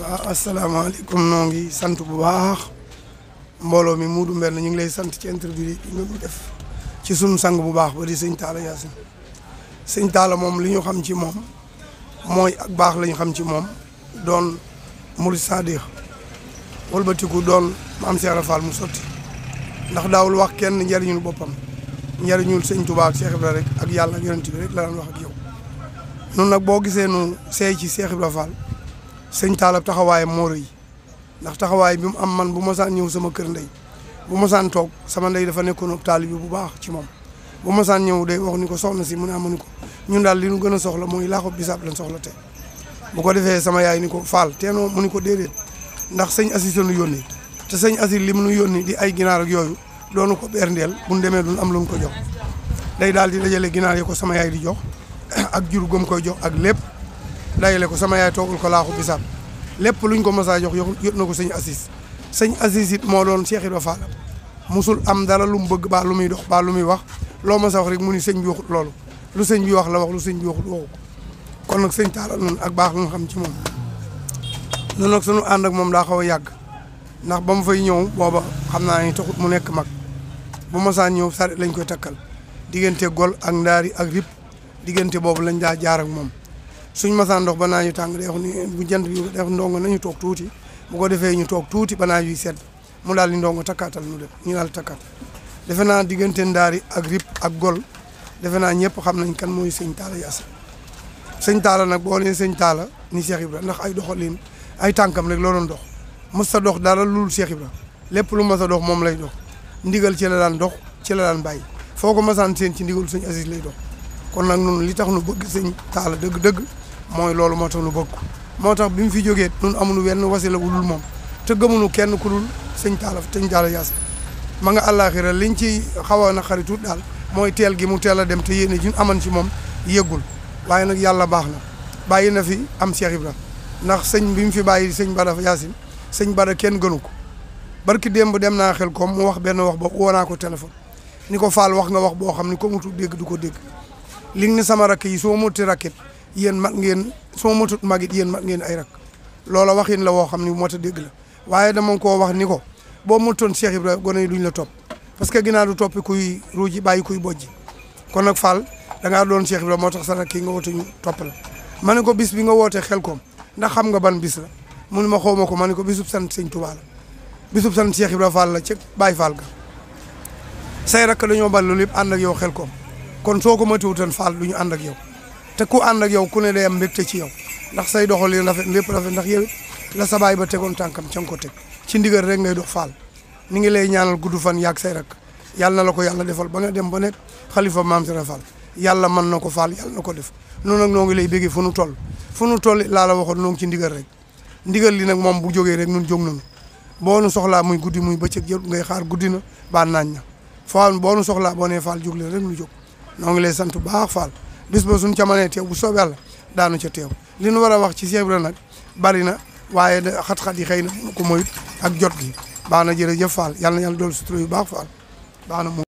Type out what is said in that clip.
waaw asalaamaaleykum noo ngi sant bu baax mbooloo mi Modou Mbène ñu ngi lay sant ci interview yi nga ñu def ci sunu sang bu baax ba di sëñ Talla Yaasin sëñ Talla moom li xam ci moom mooy ak baax la xam ci moom doon murid sadiq wëlbatiku doon maam Cheikh Ibra mu sotti ndax daawul wax kenn njariñul boppam njariñul sëñ Touba ak Cheikh ak yàlla ak yonent bi wax ak nag boo gisee nu seey ci sëñ taalab taxawaayam moo rëy ndax taxawaay bi mu am man bu ma ñëw sama kër ndey bu ma toog sama ndey dafa nekkoon taali bi bu baax ci moom bu ma saan ñëw day wax ni ko soxna si mu ne amuñu ah, ko ñun daal li ñu gën a soxla mooy laaxu bisaab lañ soxla te bu ko defee sama yaay ni ko faal teenoo mu ni ko déedéet ndax sëñ Asi sunu yónni te sëñ Asi li mu nu yónni di ay ginaar ak yooyu doonu ko berndeel bu ñu demee duñ am lu ko jox day daal di dajale ginaar yi ko sama yaay di jox ak jur gëm koy jox ak lépp dajale ko sama yaay toogul ko laaxu bisaab lépp luñ ko mosaa jox yóbbu na ko sëñ Asis sëñ Asis moo doon Cheikh Ibra Fall musul am dara lu mu bëgg baa lu muy dox baa lu muy wax loo mosaa wax rek mu ni sëñ bi waxut loolu lu sëñ bi wax la wax lu sëñ bi waxut waxu kon nag sëñ Talla noonu ak baax lu nga xam ci moom noonu nag sunu ànd ak moom daa xaw a yàgg ndax ba mu fay ñëw booba xam naa ni taxut mu nekk mag bu mosaan ñëw saret lañ koy takkal diggante gol ak ndaari ak rip diggante boobu lañ daa jaar moom suñ masaan ndox ba naa tàng day wax ni bu jant bi day wax ndongo nañu toog tuuti bu ko defee ñu toog tuuti ba naa yuy sedd mu daal di ndongo takkaatal ñu def ñu daal takkaat defe naa diggante ndaari ak rip ak gol defe naa ñëpp xam nañ kan mooy sëñ taala yaasa sëñ taala nag boo leen sëñ taala ni Cheikh Ibra ndax ay doxalin ay tànkam rek la doon dox mës dox dara lul Cheikh Ibra lépp lu mës a dox moom lay dox ndigal ci la daal dox ci la daan bàyyi foo ko masaan seen ci ndigal sëñ Aziz lay dox kon nag noonu li tax nu bëgg sëñ taala dëgg-dëgg mooy loolu moo tax nu bëgg moo tax bi mu fi jógee nun amunu wenn wasila wu dul moom te gëmunu kenn ku dul sëñ taala sëñ taala yaas ma nga àllaaxira liñ ci xaw na xaritu daal mooy teel gi mu teel a dem te yéene ji aman ci moom yëgul waaye nag yàlla baax na bàyyi na fi am Cheikh Ibra ndax sëñ bi mu fi bàyyi sëñ Bada Yaasin sëñ Bada kenn gënu ko barki démb dem naa xel ko mu wax benn wax ba woo naa ko téléphone ni ko Fall wax nga wax boo xam ni ko mu tudd dégg du ko dégg li nga sama rakk yi soo muti rakket yéen mag ngeen su ma matut mag it yéen mag ngeen ay rak loola waxin la woo xam ni moo ta dégg la waaye dama koo wax ni ko boo matoon Cheikh Ibrahima gone yi duñ la topp parce que ginnaaw du toppi kuy ruuji bàyyi kuy bojji kon nag Fall da doon Cheikh Ibrahima moo tax sa kii nga wootuñu topp la ma ne ko bis bi nga wootee xel koom ndax xam nga ban bis la mu ma xaw ma ko ma ne ko bisub sant sëñ Tuubaa la bisub sant Cheikh Ibrahima Fall la ci Baye Fall ga say rakk dañoo bal loolu yëpp ànd ak yow Xelkom kon soo ko matiwutoon Fall du ñu ànd yow te ku ànd ak yow ku ne day am mbégte ci yow ndax say doxalin rafet lépp rafet ndax yow la sa ba tegoon tànkam ca nga ko teg ci ndigal rek ngay dox faal ni ngi lay ñaanal gudd fan yaag say rak yàlla na la ko yàlla defal ba nga dem ba nekk xalifa maam Sera Fall yàlla mën na ko faal yàlla na ko def noonu nag noo ngi lay béggee fu nu toll fu nu toll laa la waxoon noo ngi ci rek ndigal li nag moom bu jógee rek nun jóg nañu boo nu soxlaa muy guddi muy bëccëg jël ngay xaar guddi na baa naañ na faal boo soxlaa boo nee faal jóg rek nu jóg noo ngi lay sant baax faal bis ba suñ ca mënee teew bu soobee yàlla daanu ca teew li nu war a wax ci Cheikh Ibra nag bari na waaye xat-xat yi xëy na ko moyut ak jot gi baax na jërëjëf Fall yàlla na yàlla dool sutura yu baax Fall baax na moom